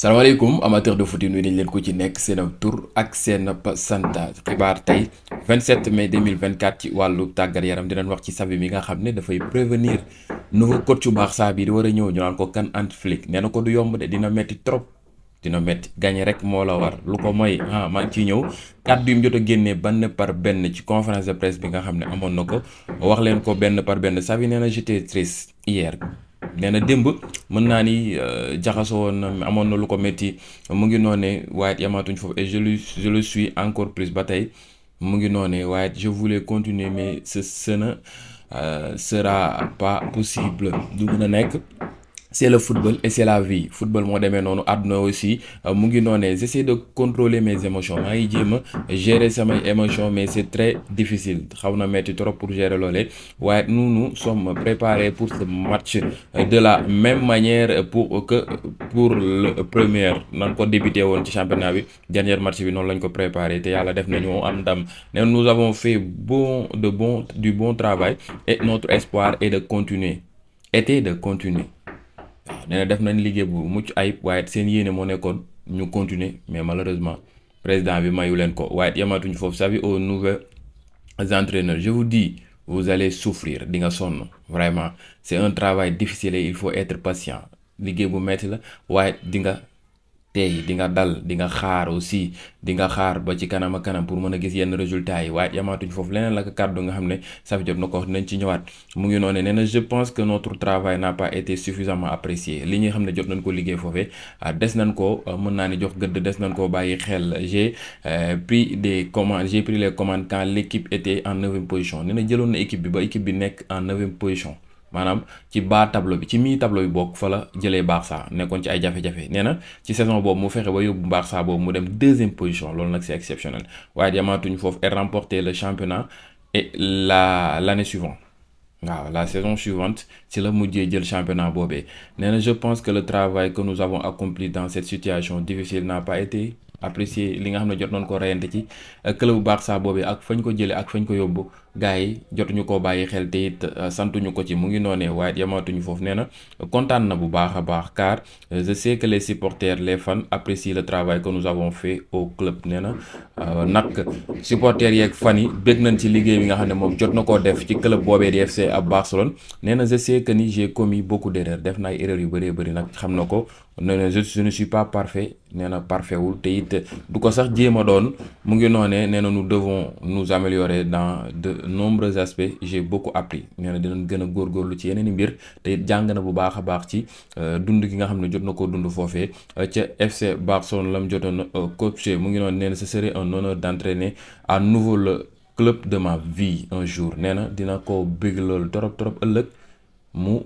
salaamaaleykum amateur de foot yi nuyu nañ leen ko ci nekk seen ab tur ak seen ab sant xibaar tey 27 mai 2024 ci wàllu tàggat yaram dinañ wax ci Xavi mi nga xam ne dafay prévenir nouveau coach bu Barça bi di war a ñëw ñu naan ko kan Ant Flick nee na ko du yomb de dina metti trop dina metti gagné rek moo la war lu ko mooy ah maa ngi ñëw kàddu bi mu jot a génnee benn par benn ci conférence de presse bi nga xam ne amoon na ko wax leen ko benn par benn Xavi nee na j'étais triste hier. nee démb mën naa ni euh, jaxasoo woon amoon na lu ko métti mu ngi noonee waaye it yamaatuñ foofu et je le je le suis encore plus ba tey mu ngi noonee waaye je voulais continuer mais ce ce ne euh, pas possible du mën a nekk. c'est le football et c'est la vie football moo demee noonu àdduna aussi euh, mu ngi noonee j'essaie de contrôler mes émotions maa ngi jéem a gérer samay émotions mais c'est très difficile xaw na metti trop pour gérer loolee waaye nous nu sommes préparés pour ce match euh, de la même manière pour euh, que pour le premier nan ko débuté woon ci championnat bi dernier match bi noonu lañ ko préparé te yàlla def nañu am ndam ne nous avons fait bon de bon du bon travail et notre espoir est de continuer était de continuer waaw nee na def nañ liggéey bu mucc ayib waaye seen yéene moo nekkoon ñu continuer mais malheureusement président bi mayu leen ko waaye yamaatuñu foofu savi aux nouveaux entraîneurs je vous dis vous allez souffrir di nga sonn vraiment c'est un travail difficile il faut être patient liggéey bu metti la waaye di nga tey di nga dal dinga xaar aussi di nga xaar ba ci kanam a kanam pour mën a gis yenn résultats yi waaye yamaatuñ foofu leneen la ko kàddu nga xam ne Safy jot na ko wax dinañ ci ñëwaat mu ngi noonu nee na je pense que notre travail n'a pas été suffisamment apprécié li ne jot nañ ko liggéey foofee ah, des nañ ko ah, mën naa ni jox gëdd des nañ ko bàyyi xel j'ai euh, pris des commandes j'ai pris les commandes quand l'équipe était en neuvième position nee na jëloon na équipe bi ba équipe bi nekk en neuvième position maanaam ci bas tableau bi ci mi tableau bi bokk fa la jëlee Barça nekkoon ci ay jafe-jafe nee na ci saison boobu mu fexe ba yóbbu Barça boobu mu dem deuxième position loolu nag c'est exceptionnel foofu et remporter le la l'année waaw la saison suivante ci la mujjee jël championnat boobee nee na je pense que le travail que nous avons accompli dans cette situation difficile n'a pas été apprécier li nga xam ne jot noonu ko reyante ci euh, club bu baax sax boobee ak fañ ko jëlee ak fañ ko yóbbu gars yi jotuñu koo bàyyi xel te it euh, santuñu ko ci mu ngi noonee waaye yamaatuñu foofu nee na kontaan na bu baax a baax car euh, je sais les supporters les le travail que nous avons fait nee na nag supporters yeeg fan yi bég nañ ci liggéey bi nga xam ne moom jot na koo def ci club boobee di FC ab Barcelone nee na je sais que ni j'ai commis beaucoup d'erreurs def na ay erreurs yu bëree bëri nag xam na ko nee na je ne suis pas parfait nee na parfait wul te it du ko sax jéem a doon mu ngi noonee nee na devon devons nous améliorer dans de nombreux aspects j'ai beaucoup appris nee na dinañ gën a góorgóorlu ci yeneen i mbir te it jàng na bu baax a baax ci euh, dund ki nga xam ne jot na ko dund foofee euh, ca FC Barcelone lam jotoon euh, coaché mu ngi noonu nee na ce serait un honneur d'entraîner à nouveau le club de vie un jour nee na dina ko bégg loolu trop trop ëllëg mu.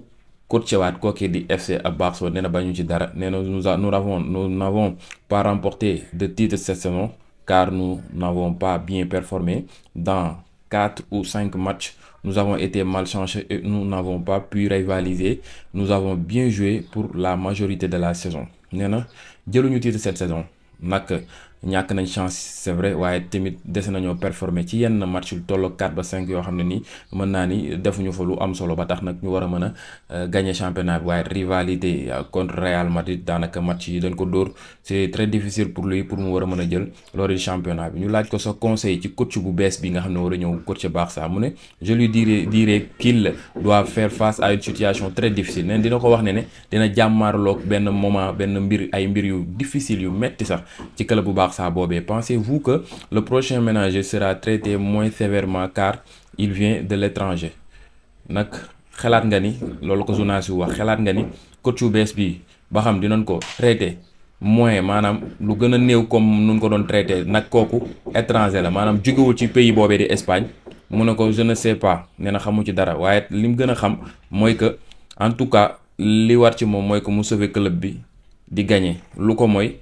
Courchewaat kooki di FC Ababso nee na bañu ci dara nee na nous avons nous n'avons pas remporté de titre cette saison car nous n'avons pas bien performé dans quatre ou cinq matchs nous avons été malchanceux et nous n'avons pas pu rivaliser nous bien joué pour la majorité de la saison nee na jëluñu titre cette saison nag ñàkk nañ chance c'est vrai waaye tamit dese nañoo performer ci yenn match yu tolloo 4 ba 5 yoo xam ne nii mën naa ni defuñu fa lu am solo ba tax nag ñu war a mën a euh, gagner championnat bi waaye rivalité euh, contre Real Madrid daanaka match yi dañ ko dóor c'est très difficile pour lui pour mu war a mën a jël loolu championnat bi ñu laaj ko sa conseil ci coach bu bees bi nga xam ne war a ñëw baax sax mu ne je lui dirai dirai la doit faire face à une situation très difficile neen ko wax ne ne dina jàmmaarloog benn moment benn mbir ay mbir yu difficile yu metti sax ci club bu baax Barça boobee pensez-vous que le prochain ménager sera traité moins sévèrement car il vient de l'étranger nag xalaat nga ni loolu ko journaliste bi wax xalaat nga ni coach bu bees bii ba xam dinañ ko traité moins maanaam lu gën a néew comme nun ko doon traité nag kooku étranger la maanaam jógewul ci pays boobee di Espagne mu ne ko je ne pas nee na xamu ci dara waaye li mu gën a xam mooy que en tout cas li war ci moom mooy que mu sauver club bi di gagné lu ko mooy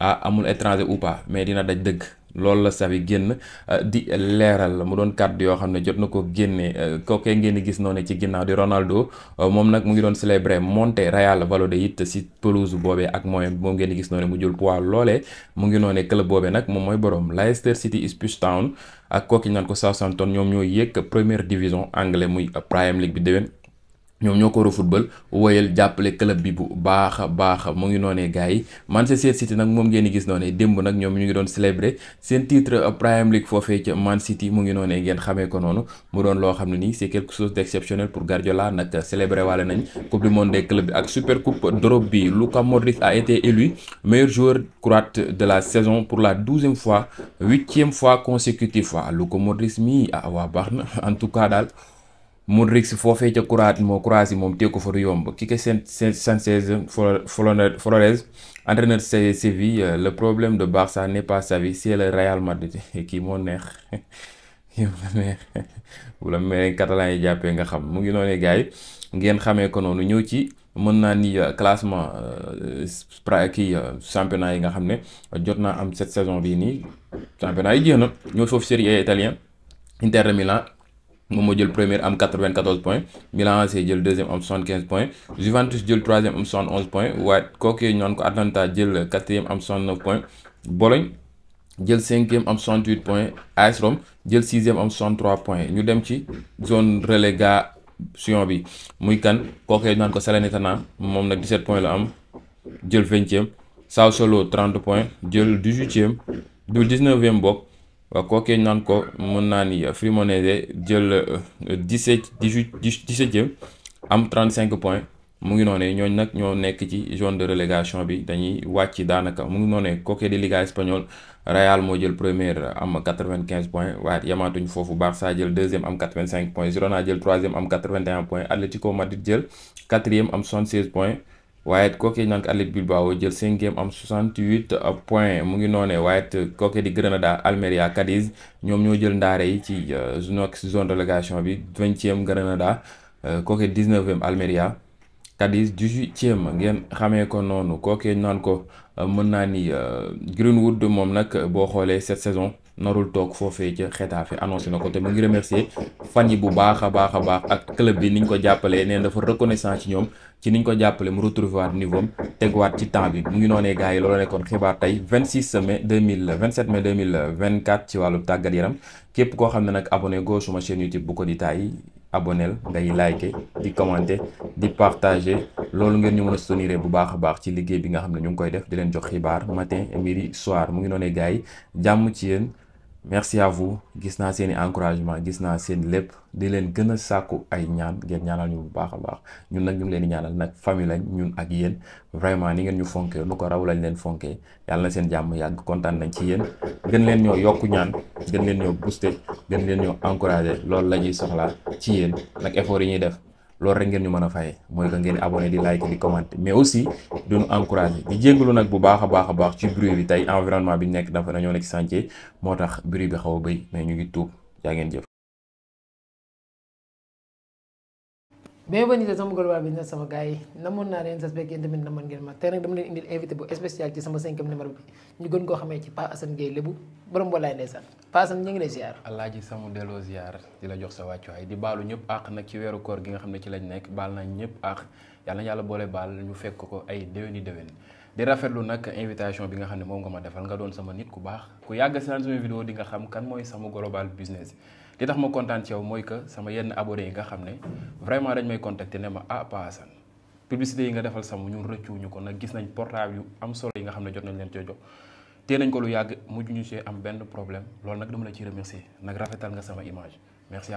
ah amul étranger ou pas mais dina daj dëgg loolu la sax génn ah, di leeral mu doon kàddu yoo xam ne jot na ko génne ah, kookee ngeen di gis noonu ci ginnaaw di Ronaldo ah, moom nag mu ngi doon célébrer montée Real Valladolid it si pelouse boobe ak mooy moom ngeen di gis noonu mu jël poids loole mu ngi noonee club boobe nag moom mooy borom Leicester City Ipswich Town ak kooki naan ko Southampton ñoom ñoo yëkk première division anglais muy Premier League bi déwén. ñoom ñoo ko war a football woyal jàppale club bi bu baax a baax mu ngi noonee gars yi Manchester City nag moom ngeen di gis noonee démb nag ñoom ñu ngi doon célébrer seen titre Premier League foofee ca Man City mu ngi noonee ngeen xamee ko noonu mu doon loo xam ne nii c'est quelque chose d'exceptionnel pour Guardiola nag célébrer waale nañ coupe du monde des clubs bi ak super coupe d'Europe bi Luka Modric a été élu meilleur joueur croate de la saison pour la douzième fois huitième fois consécutive fois Luka Modric mii ah waa baax na en tout cas daal. foo foofee ca Croatie moom Croatie moom teg ko fa du yomb Quique Sánchez Flores entraîneur Séville euh, le problème de Barça n'est pas Xavi c'est le Real Madrid kii moo neex kii moo neex bu la mel catalan yi jàppee nga xam mu ngi noonee gars ngeen xamee ko noonu ñëw ci mën naa ni euh, classement euh, pra kii championnat yi nga xam ne jot naa am cette saison bii nii championnat yi jeex na ñoo foofu Serie A italien Inter Milan moom moo jël premier am 94 points Milan AC jël deuxième am 75 points Juventus jël troisième am 71 points waaye kooku ñu naan ko Atalanta jël quatrième am 69 points Bologne jël cinquième am cent 68 points AS Rome jël sixième am 63 points ñu dem ci zone relégation bi muy kan kooku ñu ko ko Salernitana moom nag 17 points la am jël vingtième solo 30 point jël dix-huitième du dix-neuvième bokk. waaw kookee naan ko mën naa ni Cremonese jël euh, dix-sept dix-huit dix-septième am trente-cinq points mu ngi noonee ñooñu nag ñoo nekk ci zone de relégation bi dañuy wàcc daanaka mu ngi noonee kookee di Liga espagnol Real moo jël première am quatre-vingt-quinze points waaye yamaatuñu foofu Barça jël deuxième am quatre-vingt-cinq points Girona jël troisième am quatre vingt jël quatrième am soixante-seize points waaye it kooke ñu naan Athletic Bilbao jël cinquième am 68 point mu ngi noonee waaye it kooke di Granada Almeria Cadiz ñoom ñoo jël ndaara yi ci euh, nok zone relégation bi vingtième Granada kooke euh, dix-neuvième Almeria Cadiz dix-huitième ngeen xamee ko noonu kooke ñu naan ko euh, mën naa ni Greenwood moom nag boo xoolee cette saison narul toog foofee ca Xetafe annoncé na ko te mu ngi remercier fan yi bu baax a baax a baax ak club bi niñ ko jàppalee neen dafa reconnaissant ci ñoom ci niñ ko jàppale mu retrouver waat niveau am teguwaat ci temps bi mu ngi noonee gars yi loolu nekkoon xibaar tey 26 mai 2000 27 mai 2024 ci wàllu tàggat yaram képp koo xam ne nag abonné go suma chaîne YouTube bu ko di taay aboneel ngay liker di commenter di partager loolu ngeen ñu mën a soutenir bu baax a baax ci liggéey bi nga xam ne ñu ngi koy def di leen jox xibaar matin midi soir mu ngi noonee gars yi jàmm ci yéen merci à vous gis naa seen i encouragement gis naa seen lépp di leen gën a sàkku ay ñaan ngeen ñaanal ñu bu baax a baax ñun nag ñu leen di ñaanal nag famille lañ ñun ak yéen vraiment ni ngeen ñu fonkee nu ko raw lañu leen fonkee yàlla na seen jàmm yàgg kontaan nañ ci yéen gën leen ñoo yokk ñaan gën leen ñoo booster gën leen ñoo encouragé loolu la ñuy soxlaa ci yéen nag effort yi ñuy def loolu rek ngeen ñu mën a fayee mooy que ngeen abonné di like di commenter mais aussi di ñu encourager di jégalu nag bu baax a baax a baax ci bruit bi tey environnement bi nekk dafa dañoo nekk chantier moo tax bruit bi xaw a bëy mais ñu ngi tuub yaa jëf. bienvenue ba sama global sama gars yi namoon naa leen sas beeg yéen tamit namoon ngeen ma tey nag dama leen indil invité bu spécial ci sama cinquième numéro bi ñu gën koo xamee ci Pa Assane Gueye lébu borom walaay ndeysaan Pa Assane ñu ngi lay ziar alaaji sama delloo ziar di la jox sa wàccuwaay di baalu ñëpp àq nag ci weeru koor gi nga xam ne ci lañ nekk baal nañ ñëpp àq yàlla yàlla boole baal ñu fekk ko ay déwéni déwén di rafetlu nag invitation bi nga xam ne moom nga ma defal nga doon sama nit ku baax ku yàgg si naan sama vidéo di nga xam kan mooy sama global business li tax ma kontaan ci yow mooy que sama yenn abonné yi nga xam ne vraiment dañ may contacter ne ma ah Pa Assane yi nga defal sama ñun rëccuwuñu ko nag gis nañ portable yu am solo yi nga xam ne jot nañ leen coo jox tee nañ ko lu yàgg mujj ñu see am benn problème loolu nag dama la ci remercier nag rafetal nga sama image merci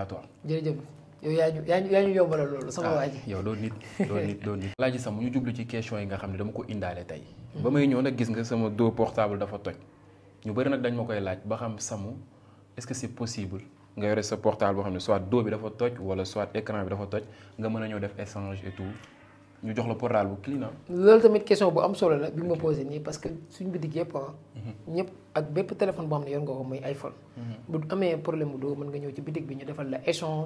yow yaa ñu yaa ñu yaa ñu yombalal loolu sama ah, waa yow loolu nit loolu nit loolu nit laaji ñu jublu ci question yi nga xam ne dama ko indaale tey mm-hmm. ba may ñëw nag gis nga sama dos portable dafa toj ñu bëri nag dañ ma koy laaj ba xam samu est-ce que c'est possible nga yore sa portable boo xam ne soit dos bi dafa toj wala soit écran bi dafa toj nga mën a ñëw def échange et tout ñu jox la portable bu client ah. loolu tamit question bu am solo la bi ma posé nii parce que suñ bitig yëpp ah. Mm-hmm. ñëpp ak bépp téléphone boo xam ne yor nga ko muy iPhone. Mm-hmm. bu amee problème bu doo bi ñu